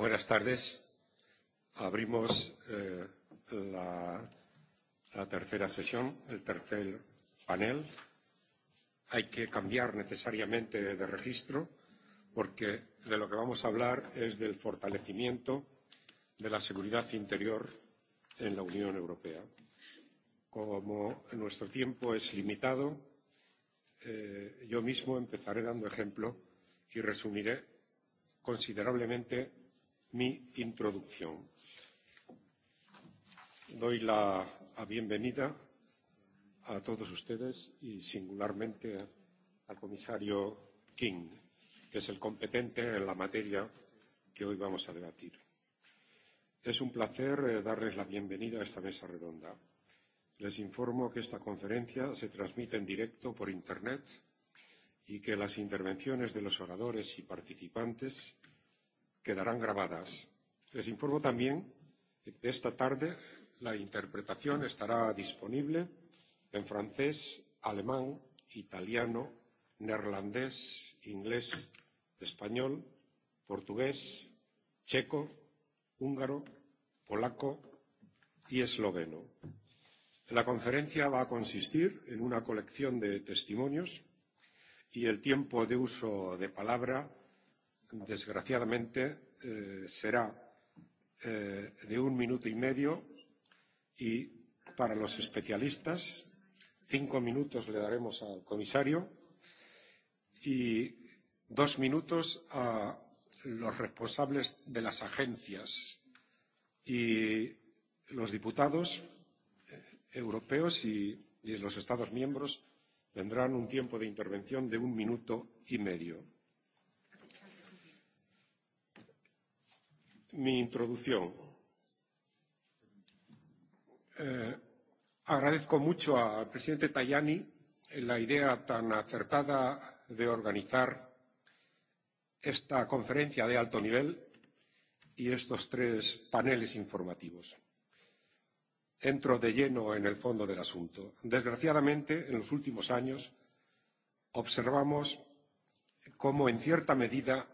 Buenas tardes. Abrimos eh, la, la tercera sesión, el tercer panel. Hay que cambiar necesariamente de registro porque de lo que vamos a hablar es del fortalecimiento de la seguridad interior en la Unión Europea. Como nuestro tiempo es limitado, eh, yo mismo empezaré dando ejemplo y resumiré considerablemente mi introducción. Doy la bienvenida a todos ustedes y singularmente al comisario King, que es el competente en la materia que hoy vamos a debatir. Es un placer eh, darles la bienvenida a esta mesa redonda. Les informo que esta conferencia se transmite en directo por Internet y que las intervenciones de los oradores y participantes quedarán grabadas. Les informo también que esta tarde la interpretación estará disponible en francés, alemán, italiano, neerlandés, inglés, español, portugués, checo, húngaro, polaco y esloveno. La conferencia va a consistir en una colección de testimonios y el tiempo de uso de palabra desgraciadamente, eh, será eh, de un minuto y medio y para los especialistas cinco minutos le daremos al comisario y dos minutos a los responsables de las agencias y los diputados eh, europeos y, y los Estados miembros tendrán un tiempo de intervención de un minuto y medio mi introducción. Eh, agradezco mucho al presidente Tajani la idea tan acertada de organizar esta conferencia de alto nivel y estos tres paneles informativos. Entro de lleno en el fondo del asunto. Desgraciadamente, en los últimos años observamos cómo, en cierta medida,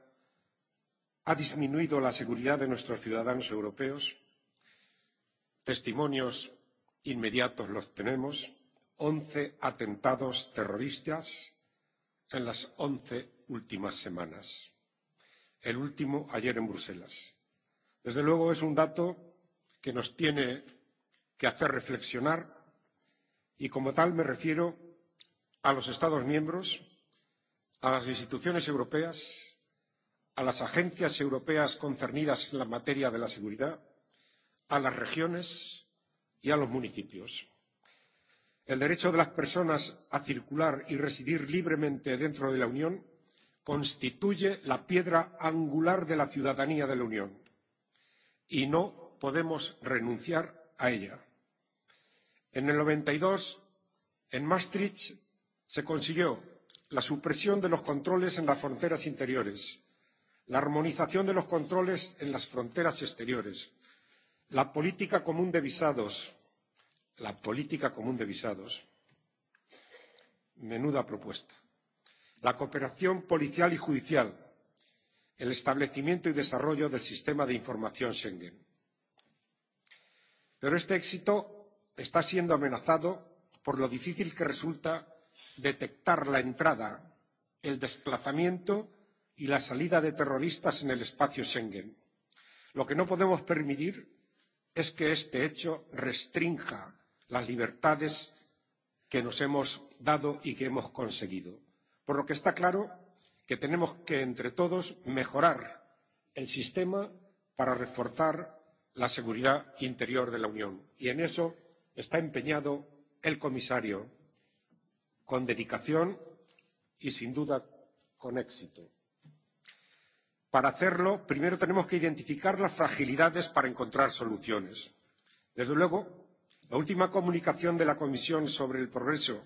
ha disminuido la seguridad de nuestros ciudadanos europeos. Testimonios inmediatos los tenemos. 11 atentados terroristas en las 11 últimas semanas. El último ayer en Bruselas. Desde luego es un dato que nos tiene que hacer reflexionar y como tal me refiero a los Estados miembros, a las instituciones europeas a las agencias europeas concernidas en la materia de la seguridad, a las regiones y a los municipios. El derecho de las personas a circular y residir libremente dentro de la Unión constituye la piedra angular de la ciudadanía de la Unión y no podemos renunciar a ella. En el 92, en Maastricht, se consiguió la supresión de los controles en las fronteras interiores, la armonización de los controles en las fronteras exteriores, la política común de visados, la política común de visados, menuda propuesta, la cooperación policial y judicial, el establecimiento y desarrollo del sistema de información Schengen. Pero este éxito está siendo amenazado por lo difícil que resulta detectar la entrada, el desplazamiento y la salida de terroristas en el espacio Schengen. Lo que no podemos permitir es que este hecho restrinja las libertades que nos hemos dado y que hemos conseguido. Por lo que está claro que tenemos que, entre todos, mejorar el sistema para reforzar la seguridad interior de la Unión. Y en eso está empeñado el comisario, con dedicación y, sin duda, con éxito. Para hacerlo, primero tenemos que identificar las fragilidades para encontrar soluciones. Desde luego, la última comunicación de la Comisión sobre el progreso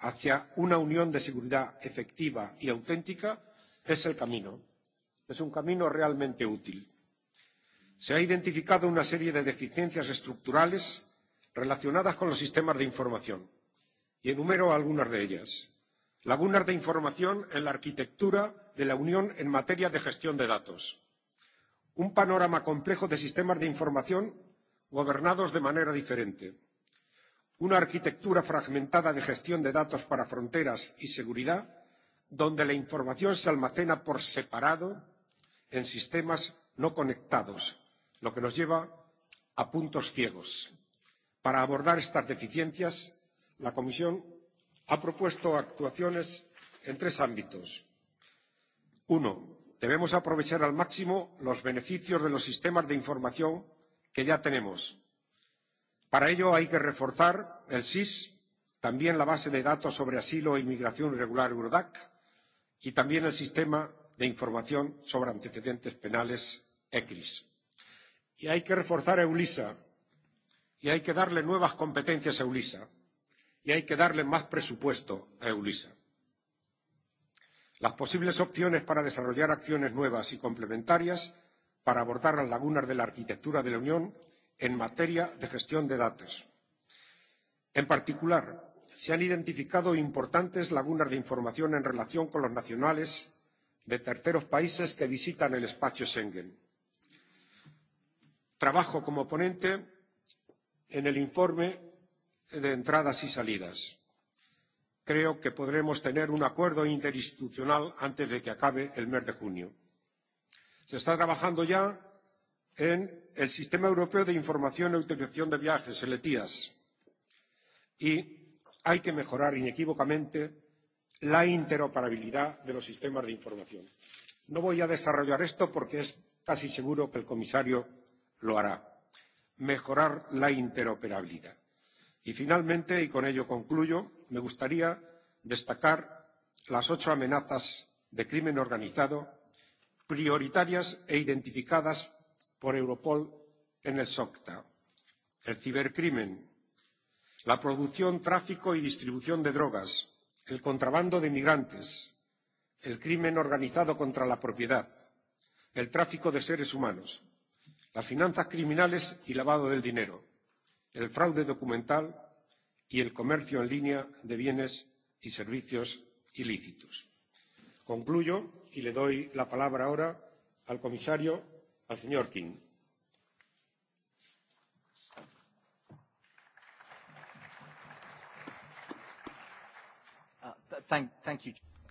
hacia una unión de seguridad efectiva y auténtica es el camino. Es un camino realmente útil. Se ha identificado una serie de deficiencias estructurales relacionadas con los sistemas de información y enumero algunas de ellas lagunas de información en la arquitectura de la Unión en materia de gestión de datos, un panorama complejo de sistemas de información gobernados de manera diferente, una arquitectura fragmentada de gestión de datos para fronteras y seguridad, donde la información se almacena por separado en sistemas no conectados, lo que nos lleva a puntos ciegos. Para abordar estas deficiencias, la Comisión ha propuesto actuaciones en tres ámbitos. Uno, debemos aprovechar al máximo los beneficios de los sistemas de información que ya tenemos. Para ello hay que reforzar el SIS, también la base de datos sobre asilo e inmigración irregular Eurodac y también el sistema de información sobre antecedentes penales ECRIS. Y hay que reforzar EULISA y hay que darle nuevas competencias a EULISA y hay que darle más presupuesto a EULISA. Las posibles opciones para desarrollar acciones nuevas y complementarias para abordar las lagunas de la arquitectura de la Unión en materia de gestión de datos. En particular, se han identificado importantes lagunas de información en relación con los nacionales de terceros países que visitan el espacio Schengen. Trabajo como ponente en el informe de entradas y salidas. Creo que podremos tener un acuerdo interinstitucional antes de que acabe el mes de junio. Se está trabajando ya en el Sistema Europeo de Información y e Autorización de Viajes, el ETIAS, y hay que mejorar inequívocamente la interoperabilidad de los sistemas de información. No voy a desarrollar esto porque es casi seguro que el comisario lo hará. Mejorar la interoperabilidad. Y finalmente, y con ello concluyo, me gustaría destacar las ocho amenazas de crimen organizado prioritarias e identificadas por Europol en el SOCTA. El cibercrimen, la producción, tráfico y distribución de drogas, el contrabando de migrantes, el crimen organizado contra la propiedad, el tráfico de seres humanos, las finanzas criminales y lavado del dinero el fraude documental y el comercio en línea de bienes y servicios ilícitos. concluyo y le doy la palabra ahora al comisario al señor king. Uh, thank, thank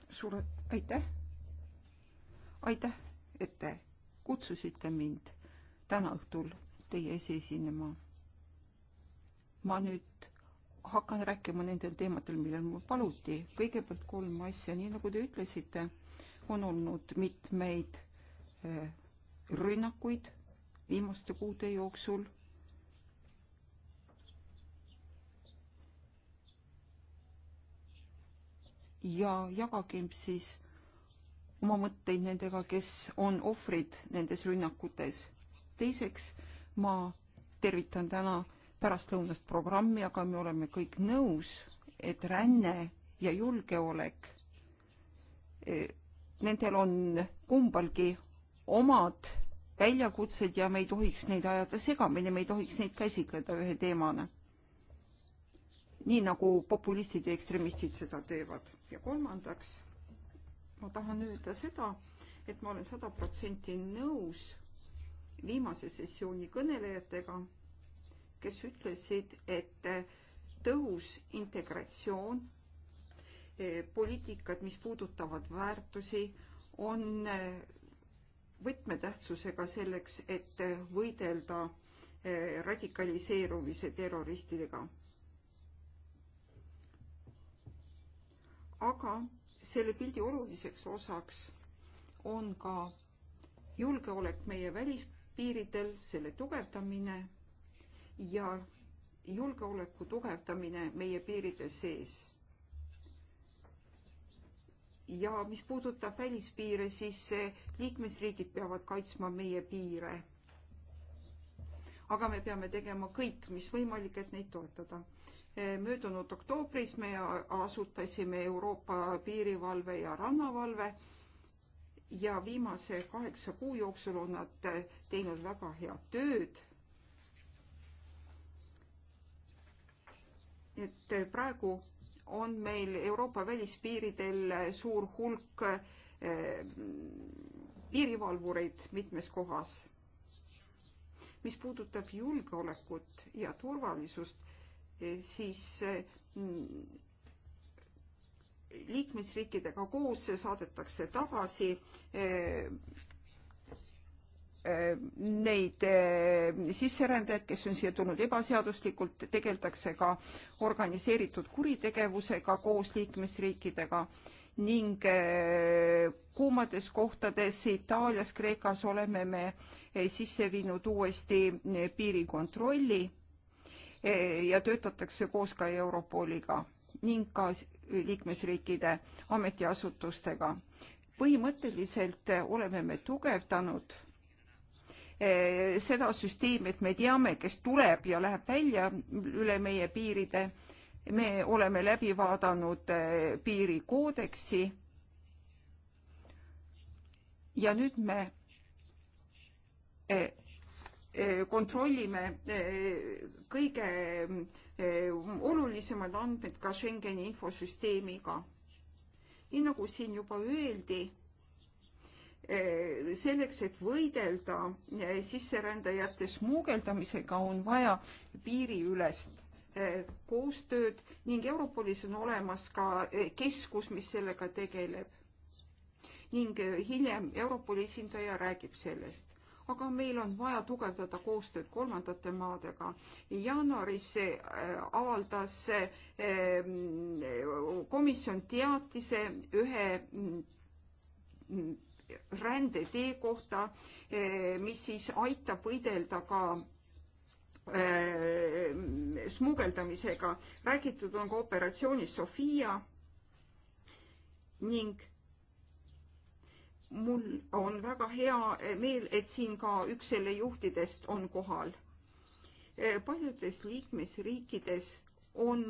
suur aitäh aitäh et te kutsusite mind täna õhtul teie ees esinema ma nüüd hakkan rääkima nendel teemadel, millel mul paluti. kõigepealt kolm asja, nii nagu te ütlesite, on olnud mitmeid eh, rünnakuid viimaste kuude jooksul. ja jagagem siis oma mõtteid nendega, kes on ohvrid nendes rünnakutes. teiseks, ma tervitan täna äh, pärastlõunast programmi, aga me oleme kõik nõus, et ränne ja julgeolek, e, nendel on kumbalgi omad väljakutsed ja me ei tohiks neid ajada segamini, me ei tohiks neid käsitleda ühe teemana. nii nagu populistid ja ekstremistid seda teevad. ja kolmandaks, ma tahan öelda seda, et ma olen sada protsenti nõus viimase sessiooni kõnelejatega kes ütlesid, et äh, tõhus integratsioon, äh, poliitikad, mis puudutavad väärtusi, on äh, võtmetähtsusega selleks, et võidelda radikaliseerumise terroristidega. aga selle pildi oluliseks osaks on ka julgeolek meie välispiiridel, selle tugevdamine ja julgeoleku tugevdamine meie piiride sees. ja mis puudutab välispiire, siis liikmesriigid peavad kaitsma meie piire. aga me peame tegema kõik, mis võimalik, et neid toetada. Eh, möödunud oktoobris me asutasime Euroopa piirivalve ja rannavalve ja viimase kaheksa kuu jooksul on nad eh, teinud väga head tööd et praegu on meil Euroopa välispiiridel suur hulk eh, piirivalvureid mitmes kohas. mis puudutab julgeolekut ja turvalisust, eh, siis eh, liikmesriikidega koos saadetakse tagasi neid eh, sisserändajaid, kes on siia tulnud ebaseaduslikult, tegeldakse ka organiseeritud kuritegevusega koos liikmesriikidega ning eh, kuumades kohtades Itaalias, Kreekas oleme me eh, sisse viinud uuesti piirikontrolli ja töötatakse koos ka Europoliga ning ka liikmesriikide ametiasutustega. põhimõtteliselt oleme me tugevdanud Eh, seda süsteemi, et me teame, kes tuleb ja läheb välja üle meie piiride. me oleme läbi vaadanud eh, piirikoodeksi. ja nüüd me eh, kontrollime kõige olulisemad andmed ka Schengeni infosüsteemiga. nii nagu siin juba öeldi Eh, selleks, et võidelda eh, sisserändajate smuugeldamisega, on vaja piiriülest eh, koostööd ning Europolis on olemas ka keskus, mis sellega tegeleb. ning hiljem Europoli esindaja räägib sellest. aga meil on vaja tugevdada koostööd kolmandate maadega. jaanuaris avaldas mm, komisjon teatise ühe mm, mm, rändetee kohta, eh, mis siis aitab võidelda ka eh, smugeldamisega. räägitud on ka operatsioonist Sofia ning mul on väga hea meel, et siin ka üks selle juhtidest on kohal. Eh, paljudes liikmesriikides on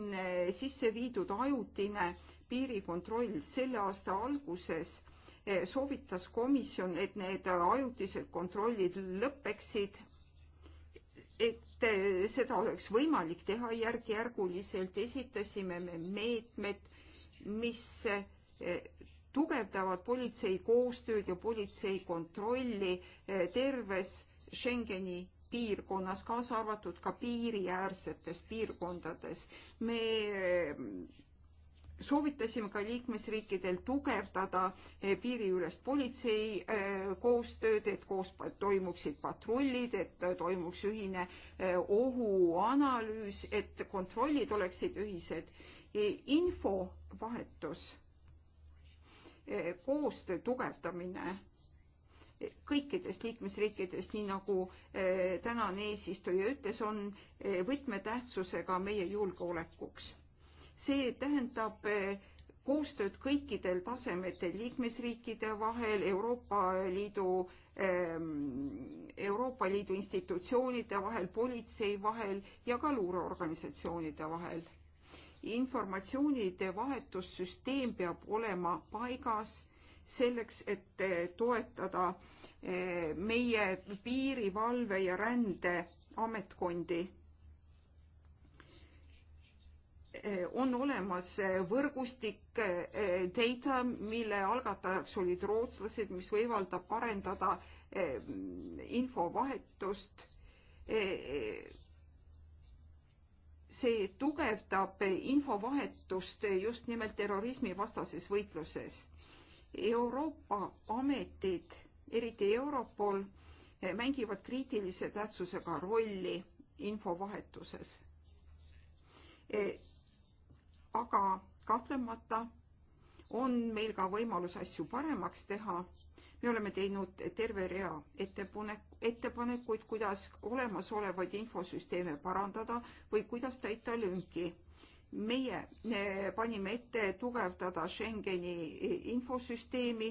sisse viidud ajutine piirikontroll selle aasta alguses Eh, soovitas komisjon, et need ajutised kontrollid lõpeksid, et eh, seda oleks võimalik teha järk-järguliselt, esitasime me meetmed, mis eh, tugevdavad politsei koostööd ja politsei kontrolli terves Schengeni piirkonnas, kaasa arvatud ka piiriäärsetes piirkondades. me soovitasime ka liikmesriikidel tugevdada eh, piiriülest politsei eh, koostööd, et koos toimuksid patrullid, et eh, toimuks ühine ohuanalüüs, et kontrollid oleksid ühised. infovahetus, koostöö tugevdamine kõikides liikmesriikides, nii nagu tänane eesistuja ütles, on võtmetähtsusega meie julgeolekuks see tähendab eh, koostööd kõikidel tasemetel liikmesriikide vahel, Euroopa Liidu, ehm, Euroopa Liidu institutsioonide vahel, politsei vahel ja ka luureorganisatsioonide vahel. informatsioonide vahetussüsteem peab olema paigas selleks, et eh, toetada eh, meie piirivalve ja rändeametkondi Eh, on olemas eh, võrgustik eh, Data, mille algatajaks olid rootslased, mis võimaldab parendada infovahetust. see tugevdab infovahetust just nimelt terrorismivastases võitluses. Euroopa ametid, eriti Europol, mängivad kriitilise tähtsusega rolli infovahetuses aga kahtlemata on meil ka võimalus asju paremaks teha. me oleme teinud terve rea ettepanek, ettepanekuid, kuidas olemasolevaid infosüsteeme parandada või kuidas täita lünki meie panime ette tugevdada Schengeni infosüsteemi.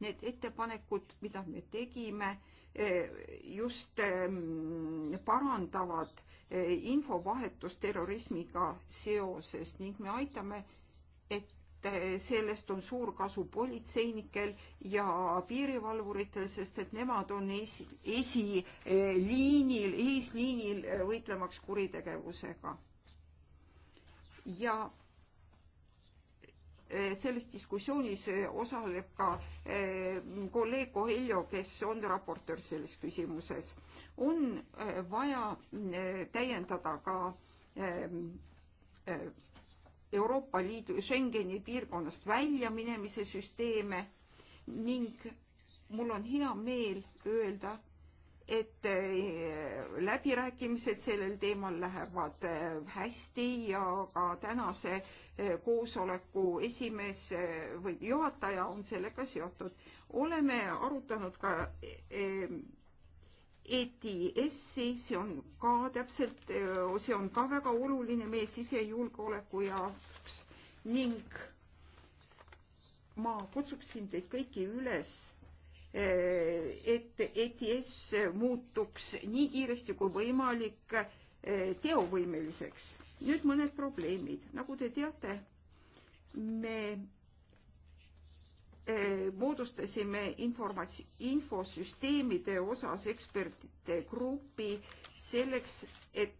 Need ettepanekud, mida me tegime, eh, just ehm, parandavad Eh, infovahetus terrorismiga seoses ning me aitame, et eh, sellest on suur kasu politseinikel ja piirivalvuritel, sest et nemad on esi, esiliinil, eh, eesliinil võitlemaks kuritegevusega. ja Äh, selles diskussioonis äh, osaleb ka äh, kolleeg Coelho, kes on raportöör selles küsimuses. on vaja täiendada ka ähm, Euroopa Liidu Schengeni piirkonnast väljaminemise süsteeme ning mul on hea meel öelda, et eh, läbirääkimised sellel teemal lähevad eh, hästi ja ka tänase eh, koosoleku esimees või juhataja on sellega seotud. oleme arutanud ka ETS-i, e see on ka täpselt, see on ka väga oluline meie sisejulgeoleku jaoks ning ma kutsuksin teid kõiki üles et ETS muutuks nii kiiresti kui võimalik eh, teovõimeliseks. nüüd mõned probleemid, nagu te teate, me eh, moodustasime informats-, infosüsteemide osas ekspertide grupi selleks, et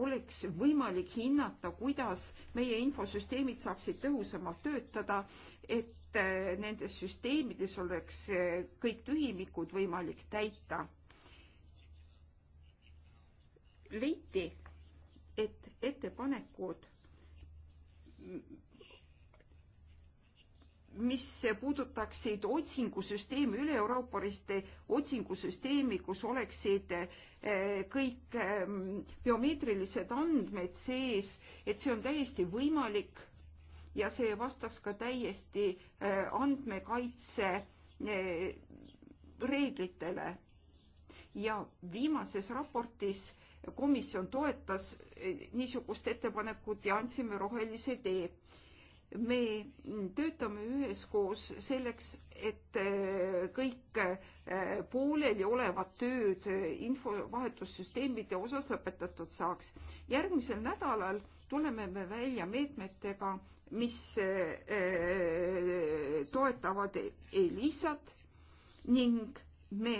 oleks võimalik hinnata, kuidas meie infosüsteemid saaksid tõhusamalt töötada, et äh, nendes süsteemides oleks äh, kõik tühimikud võimalik täita. leiti, et ettepanekud mis puudutaksid otsingusüsteemi, üle-euroopaliste otsingusüsteemi, kus oleksid eh, kõik ehm, biomeetrilised andmed sees, et see on täiesti võimalik ja see vastaks ka täiesti eh, andmekaitse eh, reeglitele. ja viimases raportis komisjon toetas niisugust ettepanekut ja andsime rohelise tee me töötame üheskoos selleks, et äh, kõik äh, pooleliolevad tööd äh, infovahetussüsteemide osas lõpetatud saaks. järgmisel nädalal tuleme me välja meetmetega, mis toetavad Elisat ning me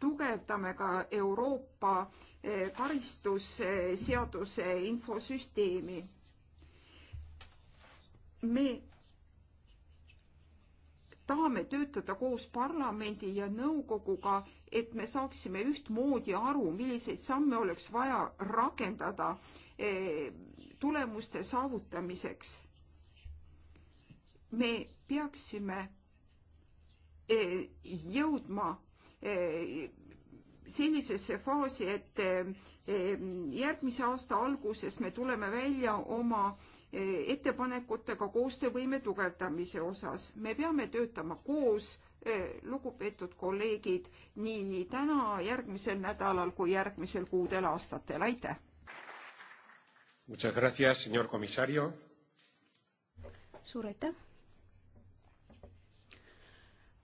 tugevdame ka Euroopa karistusseaduse infosüsteemi me tahame töötada koos parlamendi ja nõukoguga, et me saaksime ühtmoodi aru, milliseid samme oleks vaja rakendada eh, tulemuste saavutamiseks. me peaksime eh, jõudma eh, sellisesse faasi, et järgmise aasta alguses me tuleme välja oma ettepanekutega koostöövõime tugevdamise osas. me peame töötama koos, eh, lugupeetud kolleegid, nii, nii täna, järgmisel nädalal kui järgmisel kuudel aastatel, aitäh! suur aitäh!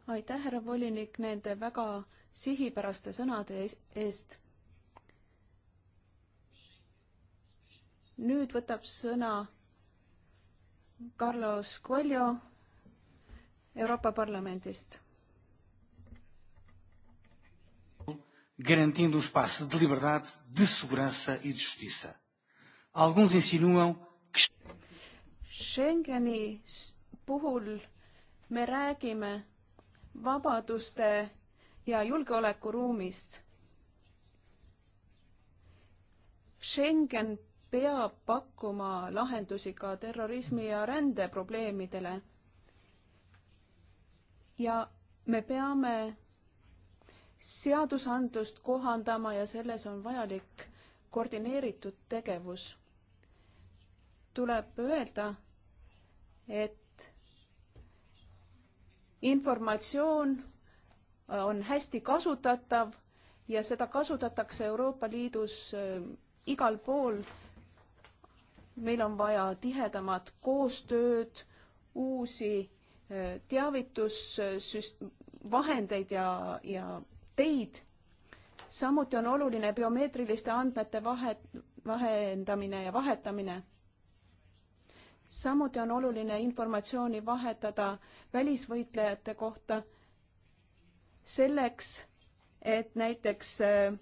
aitäh, härra volinik, nende väga sihipäraste sõnade eest. nüüd võtab sõna Carlos Coelho Euroopa Parlamendist. garantindo um espaço de liberdade, de segurança e de justiça. Alguns insinuam que Schengeni puhul me räägime vabaduste ja julgeolekuruumist. Schengen peab pakkuma lahendusi ka terrorismi ja rände probleemidele. ja me peame seadusandlust kohandama ja selles on vajalik koordineeritud tegevus. tuleb öelda, et informatsioon on hästi kasutatav ja seda kasutatakse Euroopa Liidus äh, igal pool meil on vaja tihedamat koostööd, uusi eh, teavitussüst-, vahendeid ja, ja teid. samuti on oluline biomeetriliste andmete vahe, vahendamine ja vahetamine. samuti on oluline informatsiooni vahetada välisvõitlejate kohta selleks, et näiteks eh,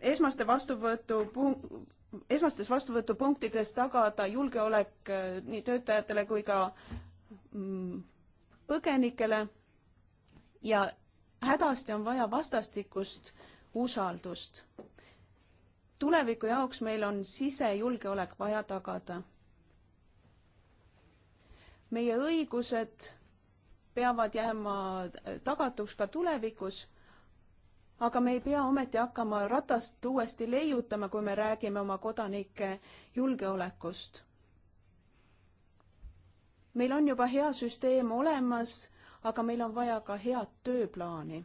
esmaste vastuvõtu esmastes vastuvõtupunktides tagada julgeolek äh, nii töötajatele kui ka mm, põgenikele ja hädasti on vaja vastastikust usaldust. tuleviku jaoks meil on sisejulgeolek vaja tagada. meie õigused peavad jääma tagatuks ka tulevikus aga me ei pea ometi hakkama ratast uuesti leiutama, kui me räägime oma kodanike julgeolekust. meil on juba hea süsteem olemas, aga meil on vaja ka head tööplaani.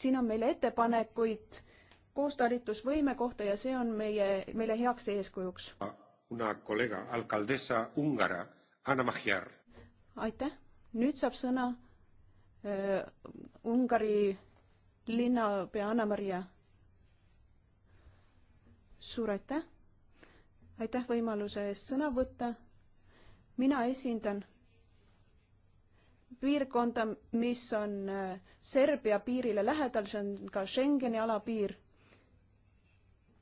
siin on meil ettepanekuid koostalitusvõime kohta ja see on meie, meile heaks eeskujuks. Una kolleega, alcaldesa Ungara, Anna Mahjar. aitäh, nüüd saab sõna Äh, Ungari linnapea Anna-Maria, suur aitäh! aitäh võimaluse eest sõna võtta. mina esindan piirkonda, mis on äh, Serbia piirile lähedal, see on ka Schengeni ala piir.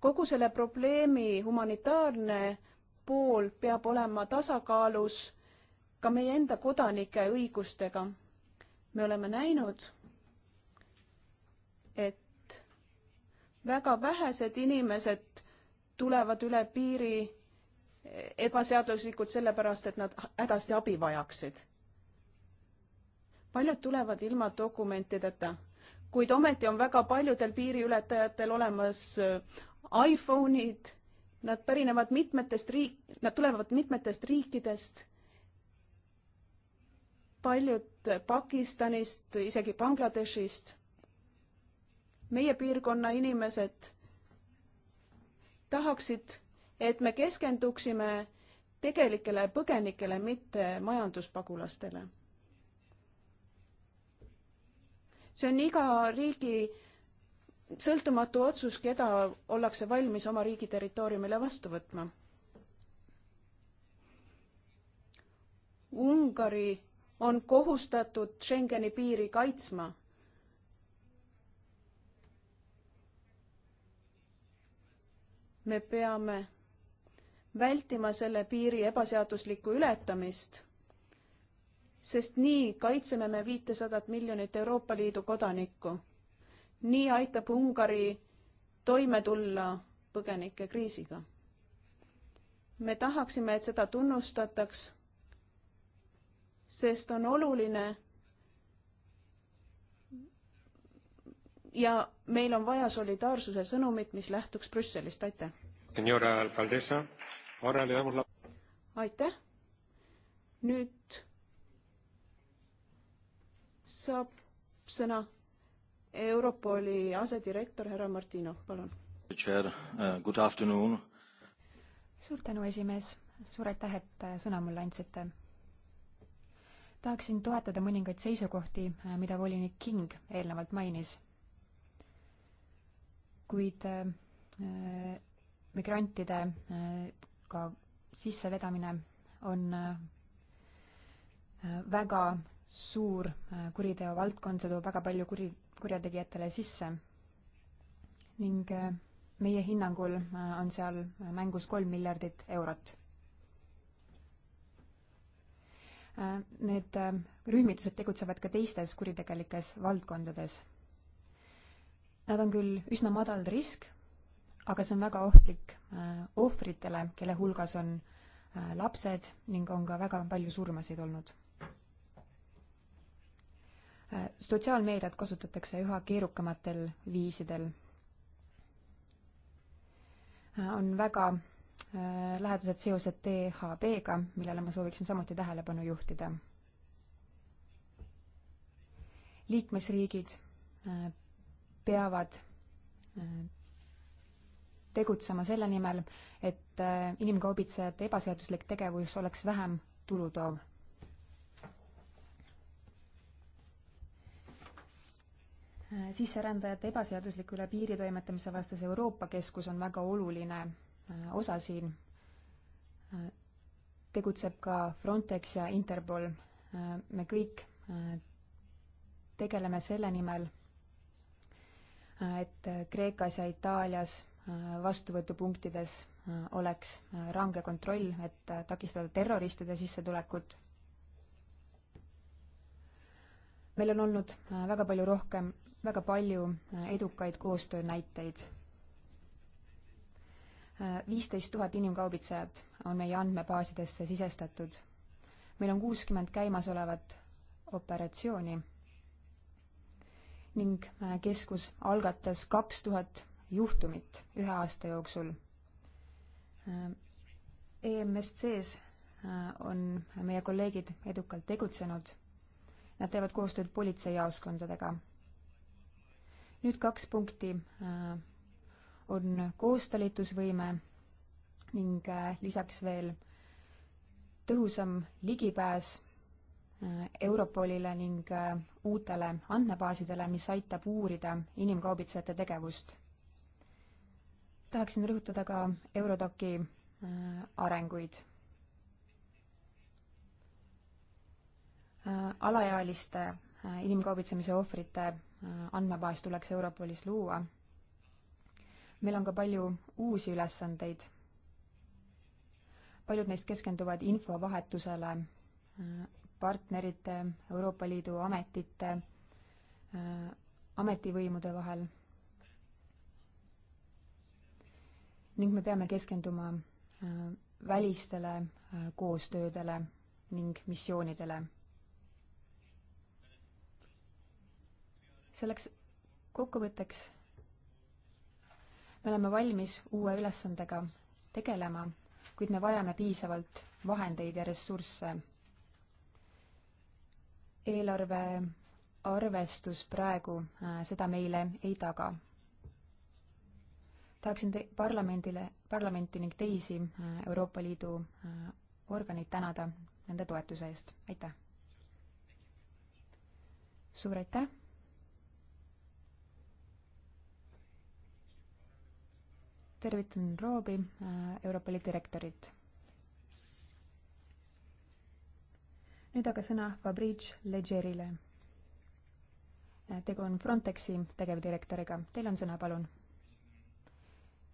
kogu selle probleemi humanitaarne pool peab olema tasakaalus ka meie enda kodanike õigustega me oleme näinud, et väga vähesed inimesed tulevad üle piiri ebaseaduslikult sellepärast, et nad hädasti abi vajaksid. paljud tulevad ilma dokumentideta, kuid ometi on väga paljudel piiriületajatel olemas äh, iPhone'id, nad pärinevad mitmetest riik-, nad tulevad mitmetest riikidest paljud Pakistanist, isegi Bangladeshist, meie piirkonna inimesed tahaksid, et me keskenduksime tegelikele põgenikele, mitte majanduspagulastele. see on iga riigi sõltumatu otsus, keda ollakse valmis oma riigi territooriumile vastu võtma. Ungari on kohustatud Schengeni piiri kaitsma. me peame vältima selle piiri ebaseaduslikku ületamist, sest nii kaitseme me viitesadat miljonit Euroopa Liidu kodanikku. nii aitab Ungari toime tulla põgenikekriisiga. me tahaksime, et seda tunnustataks sest on oluline ja meil on vaja solidaarsuse sõnumit, mis lähtuks Brüsselist, aitäh. aitäh. nüüd saab sõna Europoli asedirektor härra Martinov, palun. Uh, suur tänu, esimees, suur aitäh, et uh, sõna mulle andsite tahaksin toetada mõningaid seisukohti, äh, mida volinik King eelnevalt mainis. kuid äh, migrantide äh, ka sissevedamine on äh, väga suur äh, kuriteovaldkond, see toob väga palju kuri, kurjategijatele sisse ning äh, meie hinnangul äh, on seal mängus kolm miljardit eurot Need äh, rühmitused tegutsevad ka teistes kuritegelikes valdkondades. Nad on küll üsna madal risk, aga see on väga ohtlik äh, ohvritele, kelle hulgas on äh, lapsed ning on ka väga palju surmasid olnud. sotsiaalmeediat kasutatakse üha keerukamatel viisidel. on väga Äh, lähedased seosed DHB-ga, millele ma sooviksin samuti tähelepanu juhtida. liikmesriigid äh, peavad äh, tegutsema selle nimel, et inimkaubitsejate ebaseaduslik tegevus oleks vähem tulutoov. sisserändajate ebaseadusliku üle piiri toimetamise vastase Euroopa Keskus on väga oluline Äh, osa siin. Äh, tegutseb ka Frontex ja Interpol. Äh, me kõik tegeleme selle nimel, et Kreekas ja Itaalias vastuvõtupunktides oleks range kontroll, et takistada terroristide sissetulekut. meil on olnud väga palju rohkem, väga palju edukaid koostöönäiteid viisteist tuhat inimkaubitsejat on meie andmebaasidesse sisestatud. meil on kuuskümmend käimasolevat operatsiooni ning äh, keskus algatas kaks tuhat juhtumit ühe aasta jooksul. Äh, EMSC-s äh, on meie kolleegid edukalt tegutsenud. Nad teevad koostööd politseijaoskondadega. nüüd kaks punkti on koostalitusvõime ning äh, lisaks veel tõhusam ligipääs äh, Europolile ning äh, uutele andmebaasidele, mis aitab uurida inimkaubitsejate tegevust. tahaksin rõhutada ka Eurodoci arenguid. alaealiste inimkaubitsemise ohvrite andmebaas tuleks Europolis luua meil on ka palju uusi ülesandeid. paljud neist keskenduvad infovahetusele partnerite, Euroopa Liidu ametite, ametivõimude vahel. ning me peame keskenduma äh, välistele äh, koostöödele ning missioonidele. selleks kokkuvõtteks me oleme valmis uue ülesandega tegelema, kuid me vajame piisavalt vahendeid ja ressursse. eelarve arvestus praegu äh, seda meile ei taga. tahaksin te-, parlamendile, parlamenti ning teisi äh, Euroopa Liidu äh, organeid tänada nende toetuse eest, aitäh! suur aitäh! tervitan Roobi, äh, Euroopa Liidu direktorit. nüüd aga sõna Fabrice Legerile. Äh, tegu on Frontexi tegevdirektoriga, teil on sõna, palun.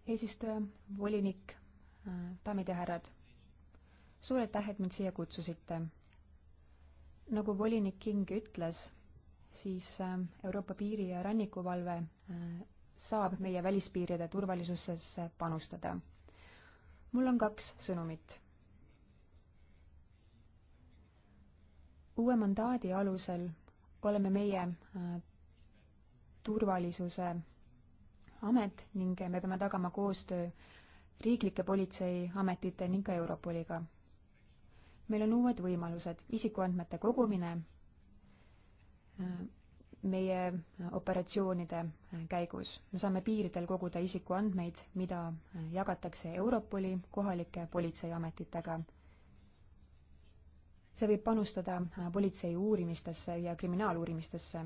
eesistuja, volinik, äh, daamid ja härrad, suur aitäh, et mind siia kutsusite. nagu volinik King ütles, siis Euroopa Piiri- ja Rannikuvalve saab meie välispiiride turvalisusesse panustada. mul on kaks sõnumit. uue mandaadi alusel oleme meie äh, turvalisuse amet ning me peame tagama koostöö riiklike politseiametite ning ka Europoliga. meil on uued võimalused, isikuandmete kogumine, äh, meie operatsioonide käigus. me saame piiridel koguda isikuandmeid, mida jagatakse Europoli kohalike politseiametitega. see võib panustada politsei uurimistesse ja kriminaaluurimistesse.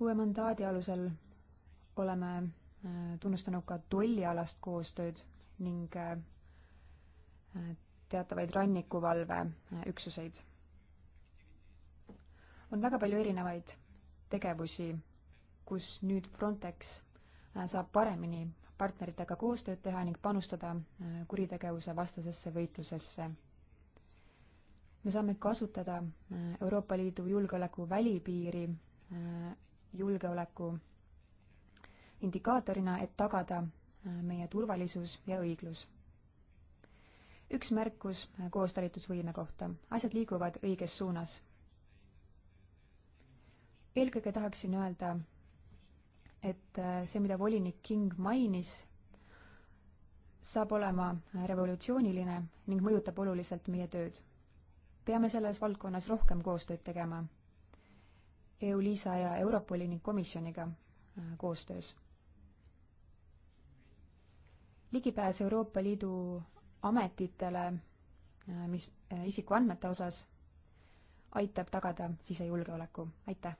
uue mandaadi alusel oleme äh, tunnustanud ka tollialast koostööd ning äh, teatavaid rannikuvalveüksuseid on väga palju erinevaid tegevusi, kus nüüd Frontex äh, saab paremini partneritega koostööd teha ning panustada äh, kuritegevuse vastasesse võitlusesse. me saame kasutada äh, Euroopa Liidu julgeoleku välipiiri julgeoleku indikaatorina, et tagada meie turvalisus ja õiglus. üks märkus koostalitusvõime kohta. asjad liiguvad õiges suunas eelkõige tahaksin öelda, et äh, see, mida volinik King mainis, saab olema revolutsiooniline ning mõjutab oluliselt meie tööd. peame selles valdkonnas rohkem koostööd tegema EU-LISA ja Europoli ning komisjoniga äh, koostöös. ligipääs Euroopa Liidu ametitele, äh, mis isikuandmete osas aitab tagada sisejulgeoleku, aitäh!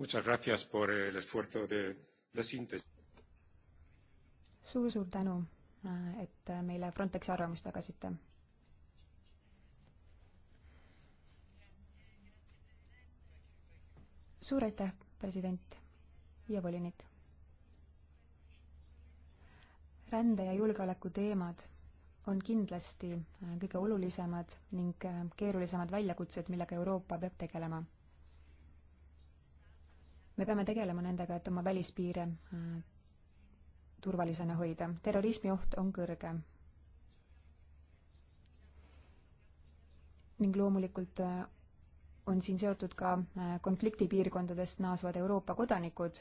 Muchas gracias por el esfuerzo de, de síntesis. suur-suur tänu, et meile Frontexi arvamust jagasite. suur aitäh, president ja volinik. rände ja julgeoleku teemad on kindlasti kõige olulisemad ning keerulisemad väljakutsed, millega Euroopa peab tegelema me peame tegelema nendega, et oma välispiire äh, turvalisena hoida. terrorismi oht on kõrge. ning loomulikult äh, on siin seotud ka äh, konfliktipiirkondadest naasvad Euroopa kodanikud.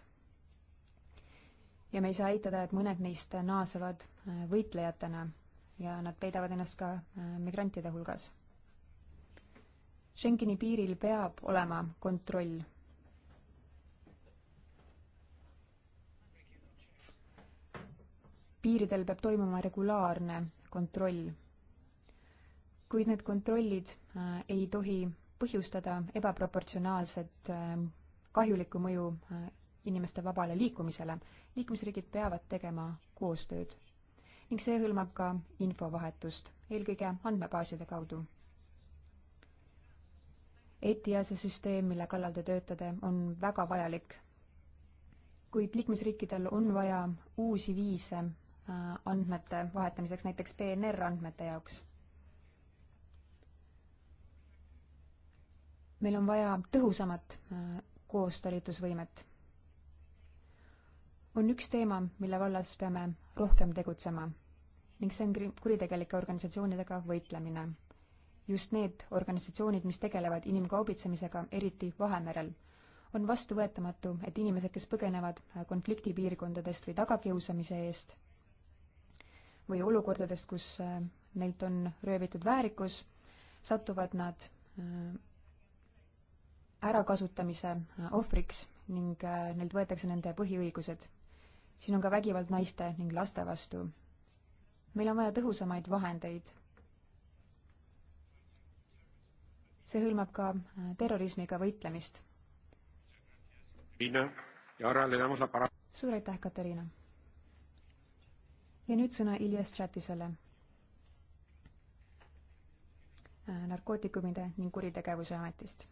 ja me ei saa eitada, et mõned neist naasevad võitlejatena ja nad peidavad ennast ka migrantide hulgas. Schengeni piiril peab olema kontroll piiridel peab toimuma regulaarne kontroll. kuid need kontrollid äh, ei tohi põhjustada ebaproportsionaalset äh, kahjulikku mõju äh, inimeste vabale liikumisele. liikmesriigid peavad tegema koostööd ning see hõlmab ka infovahetust, eelkõige andmebaaside kaudu. ETIAS-e süsteem, mille kallal te töötate, on väga vajalik kuid liikmesriikidel on vaja uusi viise Äh, andmete vahetamiseks, näiteks PNR andmete jaoks. meil on vaja tõhusamat äh, koostalitusvõimet. on üks teema, mille vallas peame rohkem tegutsema ning see on kuritegelike organisatsioonidega võitlemine. just need organisatsioonid, mis tegelevad inimkaubitsemisega, eriti Vahemerel on vastuvõetamatu, et inimesed, kes põgenevad äh, konfliktipiirkondadest või tagakiusamise eest, või olukordadest, kus äh, neilt on röövitud väärikus, satuvad nad äh, ärakasutamise äh, ohvriks ning neilt võetakse nende põhiõigused. siin on ka vägivald naiste ning laste vastu. meil on vaja tõhusamaid vahendeid. see hõlmab ka terrorismiga võitlemist. suur aitäh, Katariina! ja nüüd sõna Ilyes Tšatisele. Äh, narkootikumide ning kuritegevuse ametist.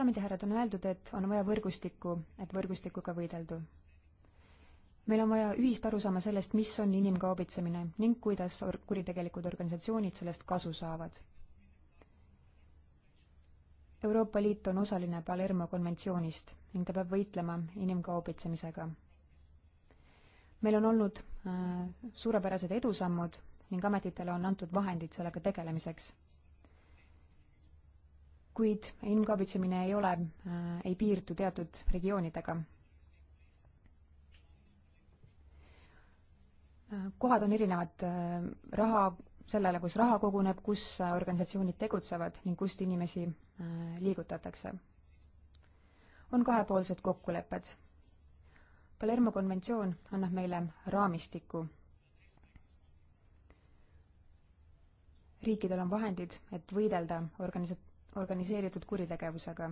daamid ja härrad, on öeldud, et on vaja võrgustikku, et võrgustikuga võidelda meil on vaja ühist arusaama sellest, mis on inimkaubitsemine ning kuidas or-, kuritegelikud organisatsioonid sellest kasu saavad Euroopa Liit on osaline Palermo konventsioonist ning ta peab võitlema inimkaubitsemisega. meil on olnud äh, suurepärased edusammud ning ametitele on antud vahendid sellega tegelemiseks. kuid inimkaubitsemine ei ole äh,, ei piirdu teatud regioonidega. Äh, kohad on erinevad äh,, raha, sellele, kus raha koguneb, kus äh, organisatsioonid tegutsevad ning kust inimesi Äh, liigutatakse. on kahepoolsed kokkulepped. Palermo konventsioon annab meile raamistiku. riikidel on vahendid, et võidelda organis-, organiseeritud kuritegevusega.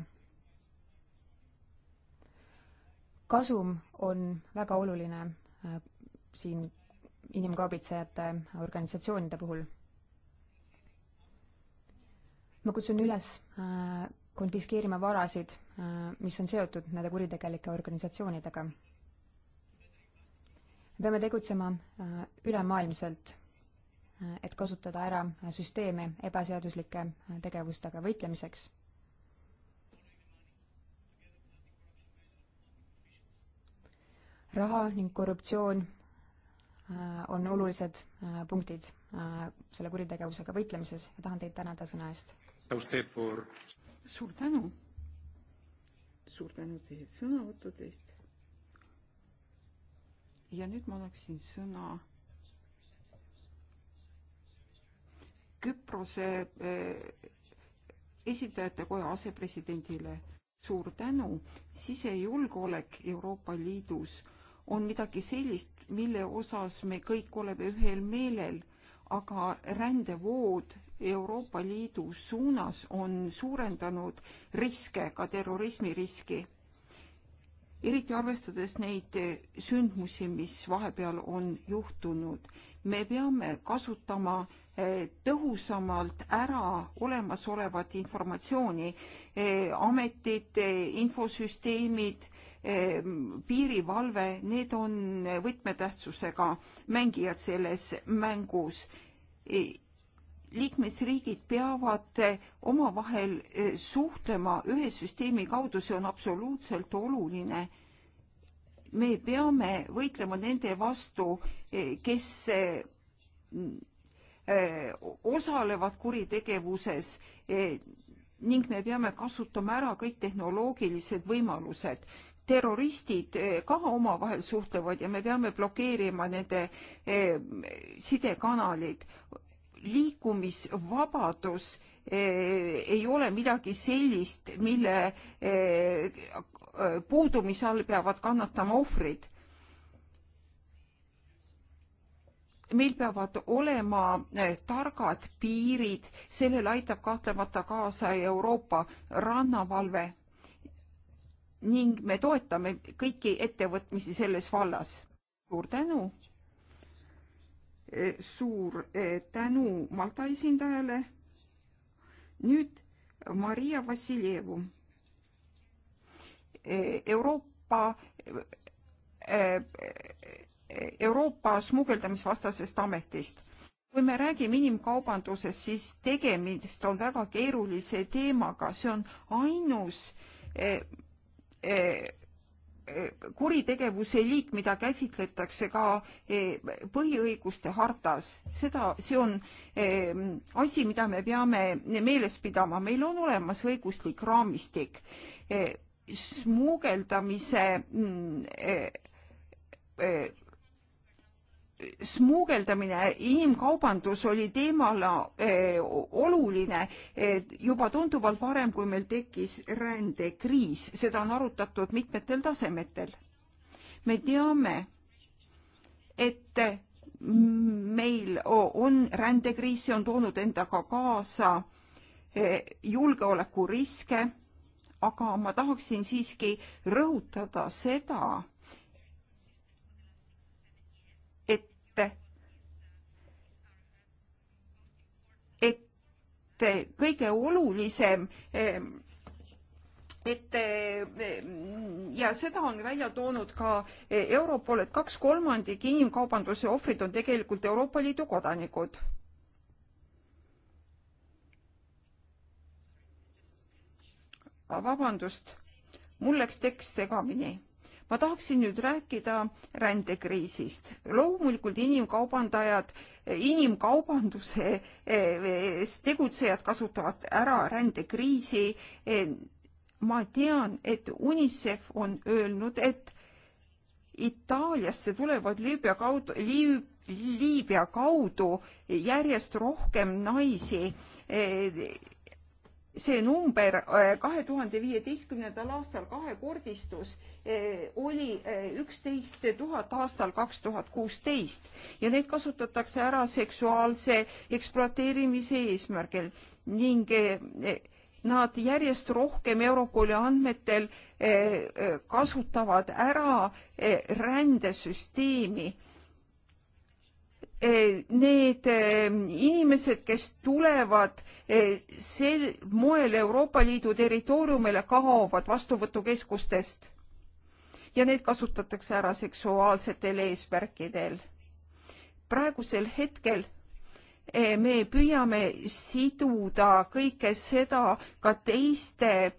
kasum on väga oluline äh, siin inimkaubitsejate organisatsioonide puhul ma kutsun üles äh, konfiskeerima varasid, äh, mis on seotud nende kuritegelike organisatsioonidega. me peame tegutsema äh, ülemaailmselt, et kasutada ära süsteeme ebaseaduslike tegevustega võitlemiseks raha ning korruptsioon on olulised punktid selle kuritegevusega võitlemises ja tahan teid tänada sõna eest suur tänu. suur tänu teie sõnavõttude eest. ja nüüd ma annaksin sõna Küprose eh, esindajate koja asepresidendile. suur tänu. sisejulgeolek Euroopa Liidus on midagi sellist, mille osas me kõik oleme ühel meelel, aga rändevood Euroopa Liidu suunas on suurendanud riske, ka terrorismiriski. eriti arvestades neid sündmusi, mis vahepeal on juhtunud, me peame kasutama eh, tõhusamalt ära olemasolevat informatsiooni, eh, ametid, eh, infosüsteemid, piirivalve, need on võtmetähtsusega mängijad selles mängus liikmesriigid peavad eh, omavahel eh, suhtlema ühe süsteemi kaudu, see on absoluutselt oluline. me peame võitlema nende vastu, eh, kes osalevad kuritegevuses ning me peame kasutama ära kõik tehnoloogilised võimalused. terroristid ka omavahel suhtlevad ja me peame blokeerima nende sidekanalid liikumisvabadus eh, ei ole midagi sellist, mille eh, puudumise all peavad kannatama ohvrid. meil peavad olema eh, targad piirid, sellele aitab kahtlemata kaasa Euroopa rannavalve ning me toetame kõiki ettevõtmisi selles vallas. suur tänu! suur eh, tänu Malta esindajale. nüüd Maria Vassiljevu. Eh, Euroopa, eh, Euroopa smugeldamisvastasest ametist. kui me räägime inimkaubandusest, siis tegemist on väga keerulise teemaga, see on ainus kuritegevuse liik, mida käsitletakse ka eh, põhiõiguste hartas, seda, see on eh, asi, mida me peame meeles pidama, meil on olemas õiguslik raamistik eh, smuugeldamise mm, smuugeldamine, inimkaubandus oli teemana eh, oluline eh, juba tunduvalt varem, kui meil tekkis rändekriis, seda on arutatud mitmetel tasemetel. me teame, et meil on rändekriis, see on toonud endaga kaasa eh, julgeolekuriske, aga ma tahaksin siiski rõhutada seda, Eh, kõige olulisem eh, et eh, ja seda on välja toonud ka Europol, et kaks kolmandik inimkaubanduse ohvrid on tegelikult Euroopa Liidu kodanikud. Ah, vabandust, mul läks tekst segamini ma tahaksin nüüd rääkida rändekriisist. loomulikult inimkaubandajad, inimkaubanduses eh, tegutsejad kasutavad ära rändekriisi. ma tean, et UNICEF on öelnud, et Itaaliasse tulevad Liibüa kaudu, Liib-, Liibüa kaudu järjest rohkem naisi eh, see number eh, kahe tuhande viieteistkümnendal aastal kahekordistus eh, oli eh, üksteist tuhat aastal kaks tuhat kuusteist ja neid kasutatakse ära seksuaalse ekspluateerimise eesmärgil ning nad järjest rohkem Europoli andmetel kasutavad ära rändesüsteemi Eh, need eh, inimesed, kes tulevad eh, sel moel Euroopa Liidu territooriumile, kaovad vastuvõtukeskustest ja need kasutatakse ära seksuaalsetel eesmärkidel. praegusel hetkel me püüame siduda kõike seda ka teiste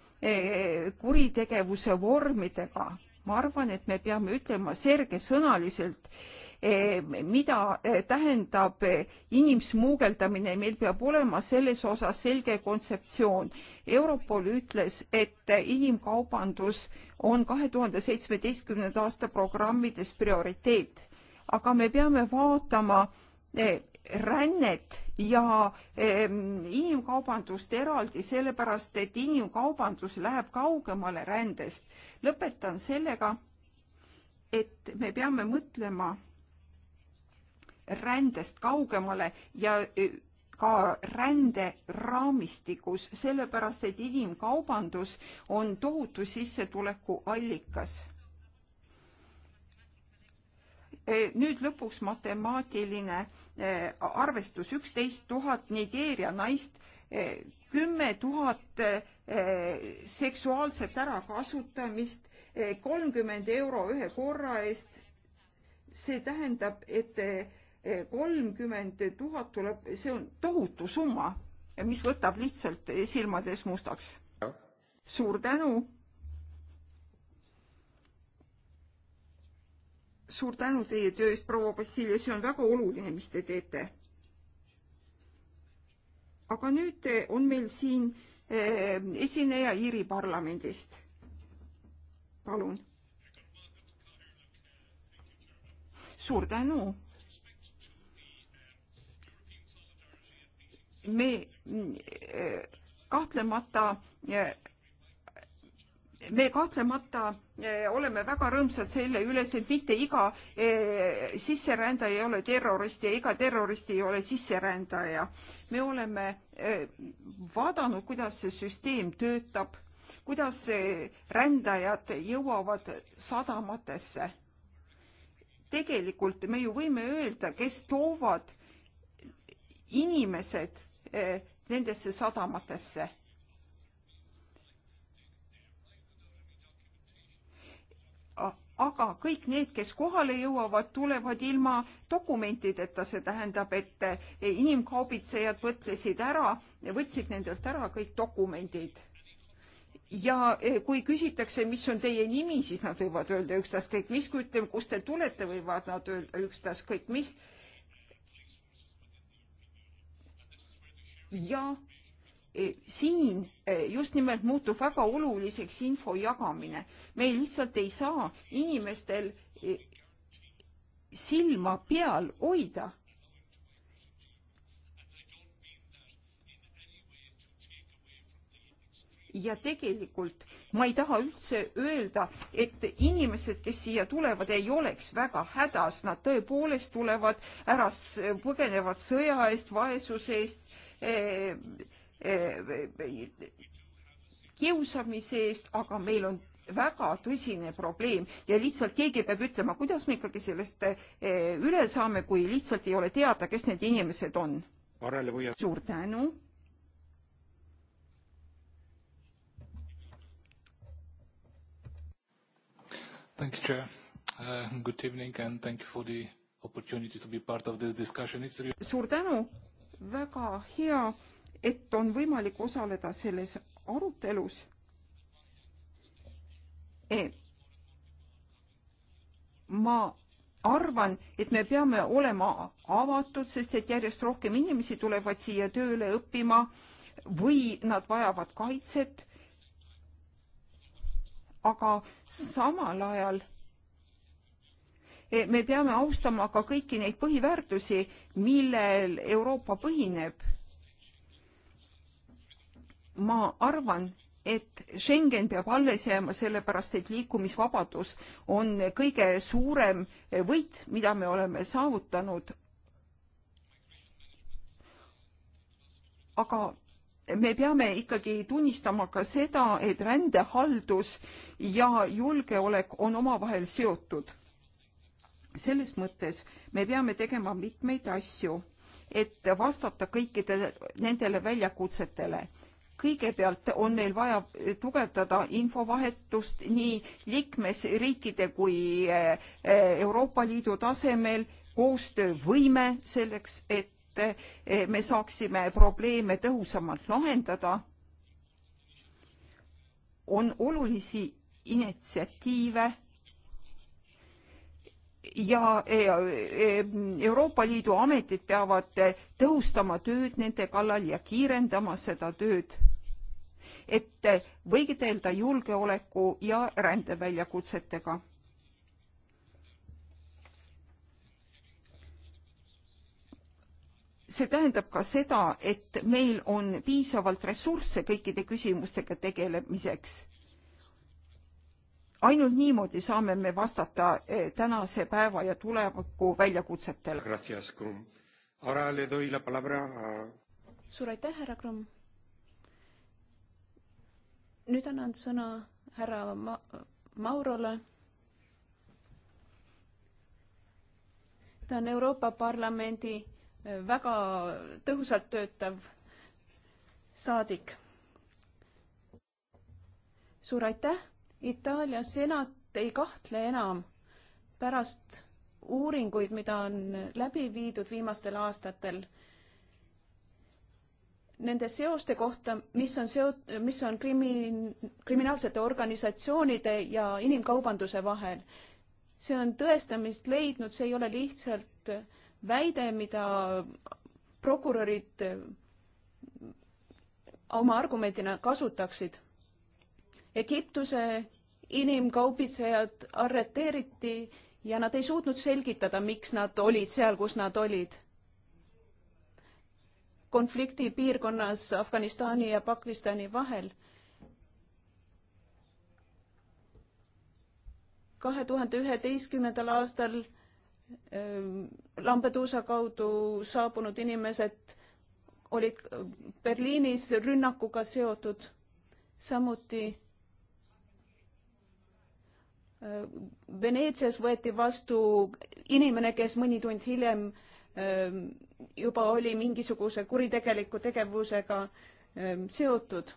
kuritegevuse vormidega. ma arvan, et me peame ütlema sirgesõnaliselt, Eh, mida eh, tähendab eh, inimsmuugeldamine, meil peab olema selles osas selge kontseptsioon. Europol ütles, et inimkaubandus on kahe tuhande seitsmeteistkümnenda aasta programmides prioriteet, aga me peame vaatama rännet ja inimkaubandust eraldi, sellepärast et inimkaubandus läheb kaugemale rändest. lõpetan sellega, et me peame mõtlema rändest kaugemale ja e, ka ränderaamistikus, sellepärast et inimkaubandus on tohutu sissetuleku allikas. E, nüüd lõpuks matemaatiline e, arvestus, üksteist tuhat Nigeeria naist, kümme tuhat seksuaalset ärakasutamist, kolmkümmend euro ühe korra eest. see tähendab, et kolmkümmend tuhat tuleb, see on tohutu summa, mis võtab lihtsalt silmades mustaks. suur tänu. suur tänu teie töö eest, proua Vassiljev, see on väga oluline, mis te teete. aga nüüd on meil siin eh, esineja Iiri parlamendist. palun. suur tänu Eh, eh, me kahtlemata me eh, kahtlemata oleme väga rõõmsad selle üles, et mitte iga sisserändaja ei ole terrorist ja iga terrorist ei ole sisserändaja. me oleme vaadanud, kuidas see süsteem töötab, kuidas rändajad jõuavad sadamatesse. tegelikult me ju võime öelda, kes toovad inimesed Eh, nendesse sadamatesse. aga kõik need, kes kohale jõuavad, tulevad ilma dokumentideta, see tähendab, et eh, inimkaubitsejad võtlesid ära, võtsid nendelt ära kõik dokumendid. ja eh, kui küsitakse, mis on teie nimi, siis nad võivad öelda ükstaskõik mis, kui ütleme, kust te tulete, võivad nad öelda ükstaskõik mis ja e, siin e, just nimelt muutub väga oluliseks info jagamine. me lihtsalt ei saa inimestel e, silma peal hoida ja tegelikult ma ei taha üldse öelda, et inimesed, kes siia tulevad, ei oleks väga hädas, nad tõepoolest tulevad ära, põgenevad sõja eest, vaesuse eest kiusamise eest, aga meil on väga tõsine probleem ja lihtsalt keegi peab ütlema, kuidas me ikkagi sellest eh, üle saame, kui lihtsalt ei ole teada, kes need inimesed on. suur tänu. Thank you, Chair. Uh, good evening and thank you for the opportunity to be part of this discussion. It's really... suur tänu väga hea, et on võimalik osaleda selles arutelus e.. ma arvan, et me peame olema avatud, sest et järjest rohkem inimesi tulevad siia tööle õppima või nad vajavad kaitset. aga samal ajal Eh, me peame austama ka kõiki neid põhiväärtusi, millel Euroopa põhineb. ma arvan, et Schengen peab alles jääma, sellepärast et liikumisvabadus on kõige suurem võit, mida me oleme saavutanud. aga me peame ikkagi tunnistama ka seda, et rändehaldus ja julgeolek on omavahel seotud selles mõttes me peame tegema mitmeid asju, et vastata kõikidele nendele väljakutsetele. kõigepealt on meil vaja tugevdada infovahetust nii liikmesriikide kui eh, Euroopa Liidu tasemel, koostöövõime selleks, et eh, me saaksime probleeme tõhusamalt lahendada. on olulisi initsiatiive ja e, e, Euroopa Liidu ametid peavad tõhustama tööd nende kallal ja kiirendama seda tööd, et võidelda julgeoleku ja rändeväljakutsetega. see tähendab ka seda, et meil on piisavalt ressursse kõikide küsimustega tegelemiseks ainult niimoodi saame me vastata eh, tänase päeva ja tuleviku väljakutsetele. suur aitäh, härra Krumm. nüüd annan sõna härra Ma-, Maurole. ta on Euroopa Parlamendi eh, väga tõhusalt töötav saadik. suur aitäh Itaalia senat ei kahtle enam pärast uuringuid, mida on läbi viidud viimastel aastatel, nende seoste kohta, mis on seot-, mis on krimi-, kriminaalsete organisatsioonide ja inimkaubanduse vahel. see on tõestamist leidnud, see ei ole lihtsalt väide, mida prokurörid oma argumendina kasutaksid Egiptuse inimkaubitsejad arreteeriti ja nad ei suutnud selgitada, miks nad olid seal, kus nad olid. konflikti piirkonnas Afganistani ja Pakistani vahel. kahe tuhande üheteistkümnendal aastal ähm, Lampeduusa kaudu saabunud inimesed olid äh, Berliinis rünnakuga seotud, samuti Veneetsias võeti vastu inimene, kes mõni tund hiljem ähm, juba oli mingisuguse kuritegeliku tegevusega ähm, seotud.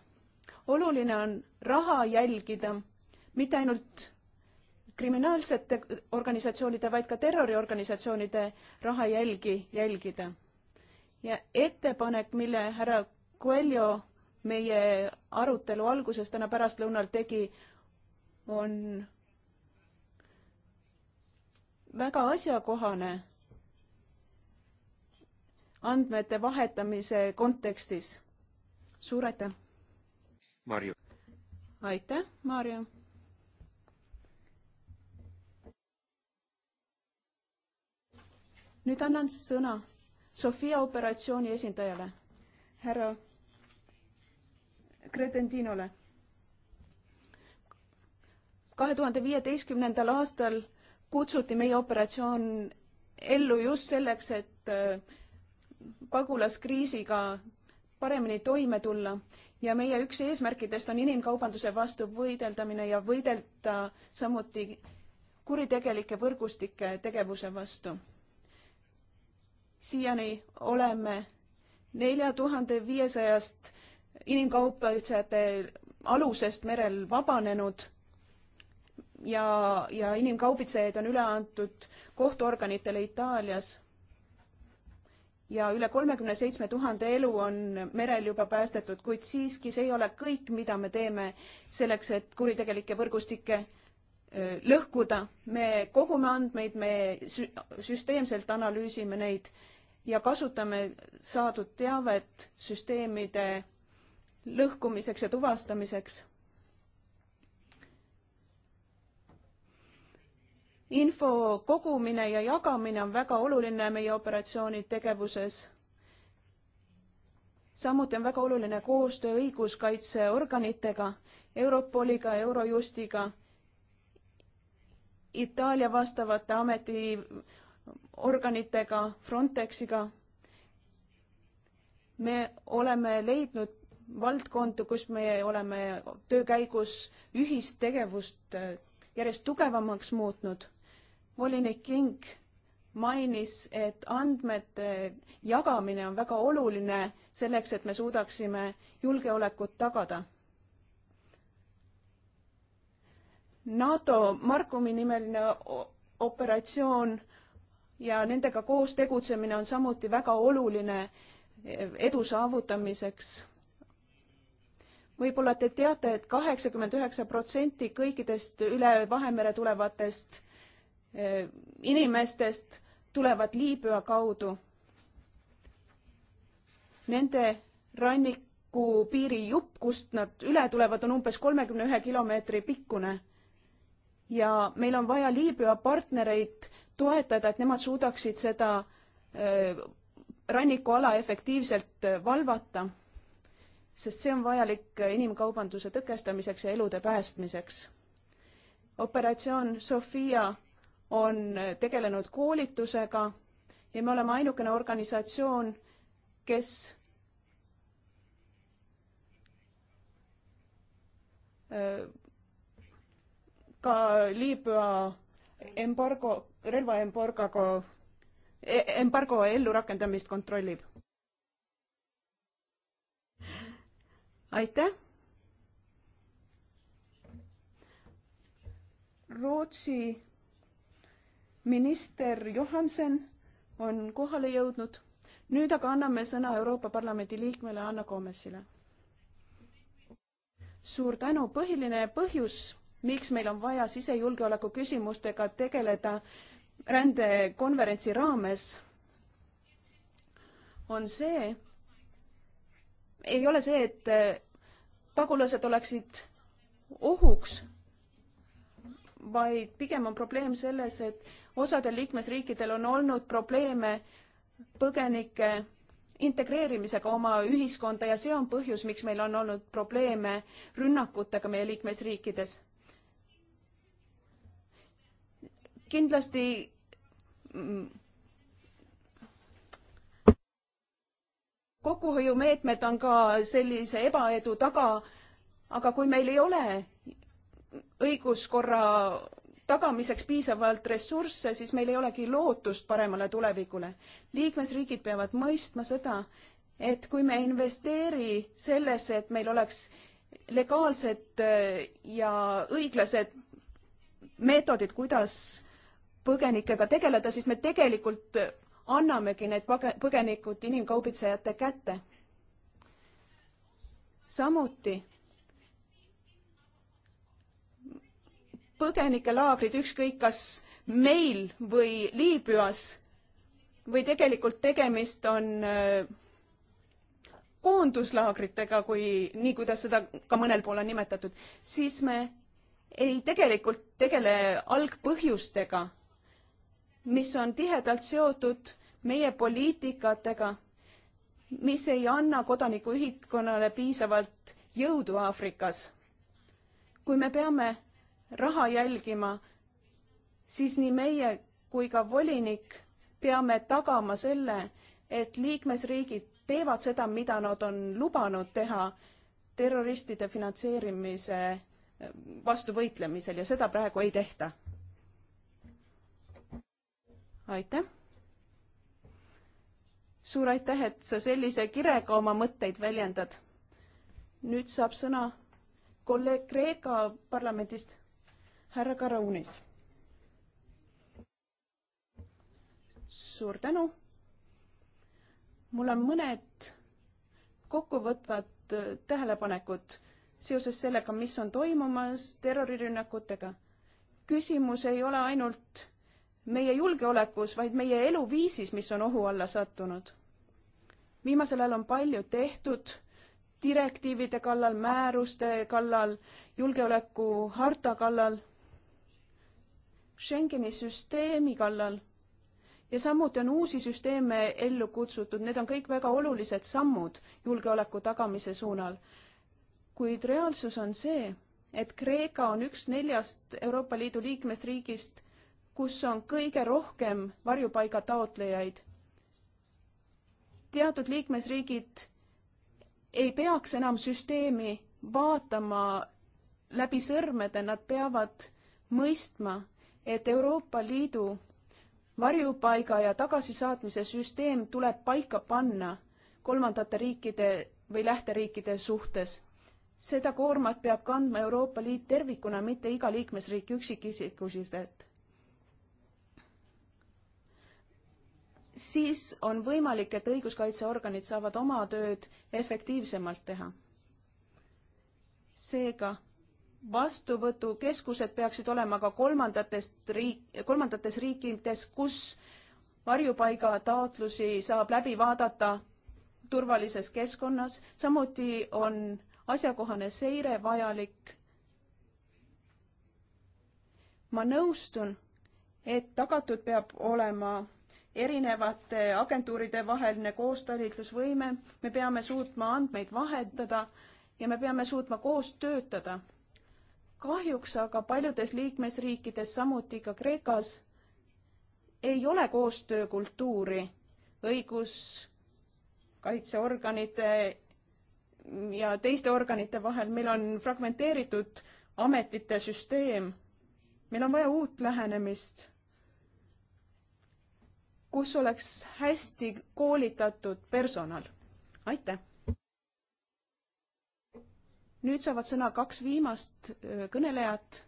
oluline on raha jälgida, mitte ainult kriminaalsete organisatsioonide, vaid ka terroriorganisatsioonide raha jälgi jälgida. ja ettepanek, mille härra Coelho meie arutelu alguses täna pärastlõunal tegi, on väga asjakohane andmete vahetamise kontekstis. suur aitäh! Marju. aitäh, Maarja! nüüd annan sõna Sofia operatsiooni esindajale, härra Credendinole. kahe tuhande viieteistkümnendal aastal kutsuti meie operatsioon ellu just selleks, et äh, pagulaskriisiga paremini toime tulla ja meie üks eesmärkidest on inimkaubanduse vastu võideldamine ja võidelda samuti kuritegelike võrgustike tegevuse vastu. siiani oleme nelja tuhande viiesajast inimkaubitsejate alusest merel vabanenud ja, ja inimkaubitsejaid on üle antud kohtuorganitele Itaalias. ja üle kolmekümne seitsme tuhande elu on merel juba päästetud, kuid siiski see ei ole kõik, mida me teeme selleks, et kuritegelikke võrgustikke lõhkuda. me kogume andmeid, me süsteemselt analüüsime neid ja kasutame saadud teavet süsteemide lõhkumiseks ja tuvastamiseks info kogumine ja jagamine on väga oluline meie operatsiooni tegevuses. samuti on väga oluline koostöö õiguskaitseorganitega, Europoliga, Eurojustiga, Itaalia vastavate ametiorganitega, Frontexiga. me oleme leidnud valdkonda, kus me oleme töö käigus ühist tegevust järjest tugevamaks muutnud volinik King mainis, et andmete jagamine on väga oluline selleks, et me suudaksime julgeolekut tagada. NATO Markumi nimeline operatsioon ja nendega koos tegutsemine on samuti väga oluline eh, edu saavutamiseks. võib-olla te teate et, et kaheksakümmend üheksa protsenti kõikidest üle Vahemere tulevatest Äh, inimestest tulevad Liibüa kaudu. Nende rannikupiiri jupp, kust nad üle tulevad, on umbes kolmekümne ühe kilomeetri pikkune. ja meil on vaja Liibüa partnereid toetada, et nemad suudaksid seda äh, rannikuala efektiivselt äh, valvata, sest see on vajalik inimkaubanduse tõkestamiseks ja elude päästmiseks. operatsioon Sofia on tegelenud koolitusega ja me oleme ainukene organisatsioon, kes ka Liibüa embargo, relvaembargoga, e-, embargo ellurakendamist kontrollib. aitäh. Rootsi minister Johansen on kohale jõudnud. nüüd aga anname sõna Euroopa Parlamendi liikmele Anna Gomesile. suur tänu, põhiline põhjus, miks meil on vaja sisejulgeoleku küsimustega tegeleda rändekonverentsi raames, on see, ei ole see, et pagulased oleksid ohuks vaid pigem on probleem selles, et osadel liikmesriikidel on olnud probleeme põgenike integreerimisega oma ühiskonda ja see on põhjus, miks meil on olnud probleeme rünnakutega meie liikmesriikides. kindlasti mm, kokkuhoiumeetmed on ka sellise ebaedu taga, aga kui meil ei ole õiguskorra tagamiseks piisavalt ressursse, siis meil ei olegi lootust paremale tulevikule. liikmesriigid peavad mõistma seda, et kui me ei investeeri sellesse, et meil oleks legaalsed äh, ja õiglased meetodid, kuidas põgenikega tegeleda, siis me tegelikult annamegi need põgenikud inimkaubitsejate kätte. samuti põgenikelaagrid, ükskõik kas meil või Liibüas või tegelikult tegemist on äh, koonduslaagritega, kui, nii kuidas seda ka mõnel pool on nimetatud, siis me ei tegelikult tegele algpõhjustega, mis on tihedalt seotud meie poliitikatega, mis ei anna kodanikuühiskonnale piisavalt jõudu Aafrikas. kui me peame raha jälgima, siis nii meie kui ka volinik peame tagama selle, et liikmesriigid teevad seda, mida nad on lubanud teha terroristide finantseerimise eh, vastu võitlemisel ja seda praegu ei tehta. aitäh. suur aitäh, et sa sellise kirega oma mõtteid väljendad. nüüd saab sõna kolleeg Kreeka parlamendist härra Karaunis. suur tänu. mul on mõned kokkuvõtvad äh, tähelepanekud seoses sellega, mis on toimumas terrorirünnakutega. küsimus ei ole ainult meie julgeolekus, vaid meie eluviisis, mis on ohu alla sattunud. viimasel ajal on palju tehtud direktiivide kallal, määruste kallal, julgeolekuharta kallal Schengeni süsteemi kallal ja samuti on uusi süsteeme ellu kutsutud, need on kõik väga olulised sammud julgeoleku tagamise suunal. kuid reaalsus on see, et Kreeka on üks neljast Euroopa Liidu liikmesriigist, kus on kõige rohkem varjupaiga taotlejaid. teatud liikmesriigid ei peaks enam süsteemi vaatama läbi sõrmede, nad peavad mõistma, et Euroopa Liidu varjupaiga ja tagasisaatmise süsteem tuleb paika panna kolmandate riikide või lähteriikide suhtes. seda koormat peab kandma Euroopa Liit tervikuna, mitte iga liikmesriik üksikisikuliselt. siis on võimalik, et õiguskaitseorganid saavad oma tööd efektiivsemalt teha. seega vastuvõtukeskused peaksid olema ka kolmandatest riik, kolmandates riikides, kus varjupaigataotlusi saab läbi vaadata turvalises keskkonnas, samuti on asjakohane seire vajalik. ma nõustun, et tagatud peab olema erinevate agentuuride vaheline koostalitlusvõime, me peame suutma andmeid vahetada ja me peame suutma koos töötada kahjuks aga paljudes liikmesriikides, samuti ka Kreekas, ei ole koostöökultuuri õiguskaitseorganite ja teiste organite vahel, meil on fragmenteeritud ametite süsteem, meil on vaja uut lähenemist, kus oleks hästi koolitatud personal. aitäh! nüüd saavad sõna kaks viimast äh, kõnelejat,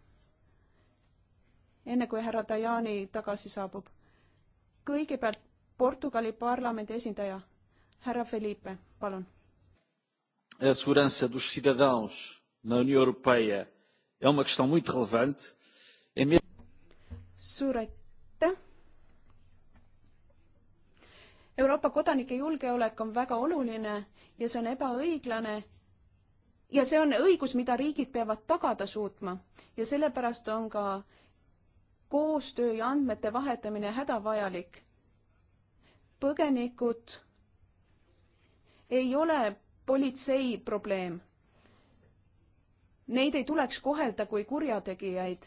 enne kui härra Tajani tagasi saabub. kõigepealt Portugali parlamendi esindaja, härra Felipe, palun. A segurança dos cidadãos na União Europeia é uma questão muito relevante. É mesmo... Suur aitäh! Euroopa kodanike julgeolek on väga oluline ja see on ebaõiglane, ja see on õigus, mida riigid peavad tagada suutma ja sellepärast on ka koostöö ja andmete vahetamine hädavajalik. põgenikud ei ole politsei probleem. Neid ei tuleks kohelda kui kurjategijaid.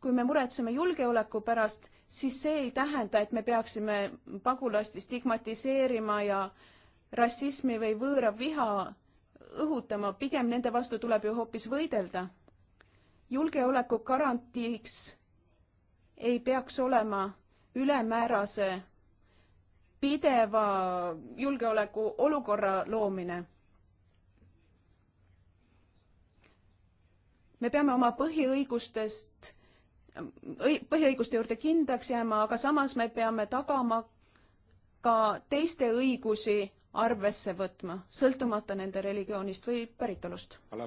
kui me muretseme julgeoleku pärast, siis see ei tähenda, et me peaksime pagulasti stigmatiseerima ja rassismi või võõra viha õhutama, pigem nende vastu tuleb ju hoopis võidelda. julgeoleku garantiiks ei peaks olema ülemäärase pideva julgeoleku olukorra loomine. me peame oma põhiõigustest, põhiõiguste juurde kindlaks jääma, aga samas me peame tagama ka teiste õigusi arvesse võtma, sõltumata nende religioonist või päritolust. Eh,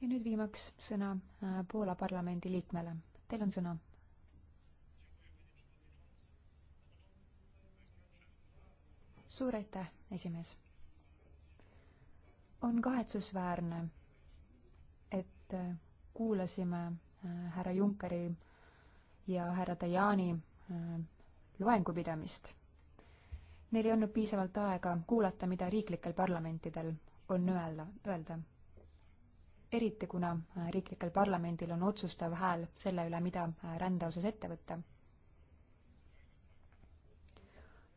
ja nüüd viimaks sõna eh, Poola parlamendi liikmele. Teil on sõna. suur aitäh, esimees. on kahetsusväärne, et eh, kuulasime härra Junckeri ja härra Tajani loengupidamist. Neil ei olnud piisavalt aega kuulata, mida riiklikel parlamentidel on öelda, öelda. eriti kuna äh, riiklikel parlamendil on otsustav hääl selle üle, mida äh, rände osas ette võtta.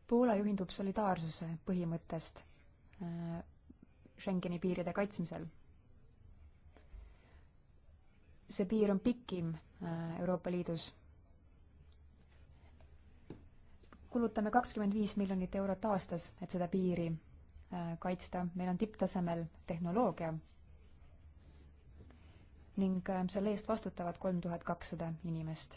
Poola juhindub solidaarsuse põhimõttest äh, Schengeni piiride kaitsmisel. see piir on pikim Euroopa Liidus kulutame kakskümmend viis miljonit eurot aastas, et seda piiri äh, kaitsta, meil on tipptasemel tehnoloogia ning äh, selle eest vastutavad kolm tuhat kakssada inimest.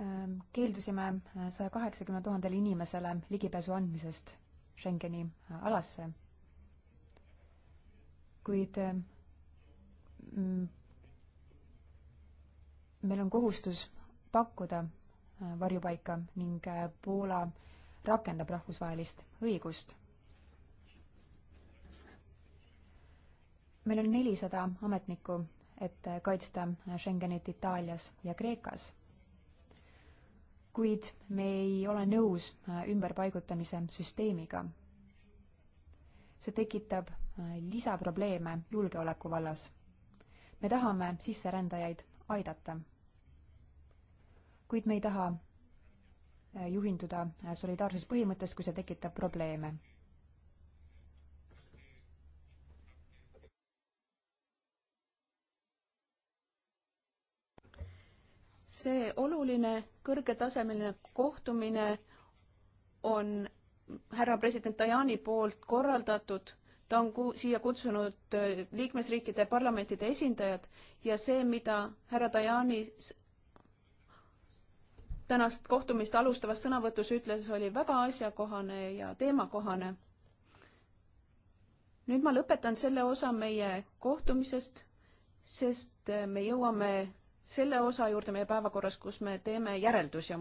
Äh, keeldusime saja kaheksakümne tuhandele inimesele ligipääsu andmisest Schengeni alasse, kuid meil on kohustus pakkuda äh, varjupaika ning äh, Poola rakendab rahvusvahelist õigust. meil on nelisada ametnikku, et äh, kaitsta Schengenit Itaalias ja Kreekas. kuid me ei ole nõus ümberpaigutamise süsteemiga. see tekitab lisaprobleeme julgeoleku vallas. me tahame sisserändajaid aidata. kuid me ei taha äh, juhinduda äh, solidaarsuspõhimõttest, kui see tekitab probleeme. see oluline kõrgetasemeline kohtumine on härra president Tajani poolt korraldatud ta on ku-, siia kutsunud äh, liikmesriikide parlamentide esindajad ja see, mida härra Tajani tänast kohtumist alustavas sõnavõtus ütles, oli väga asjakohane ja teemakohane. nüüd ma lõpetan selle osa meie kohtumisest, sest äh, me jõuame selle osa juurde meie päevakorras, kus me teeme järeldusi.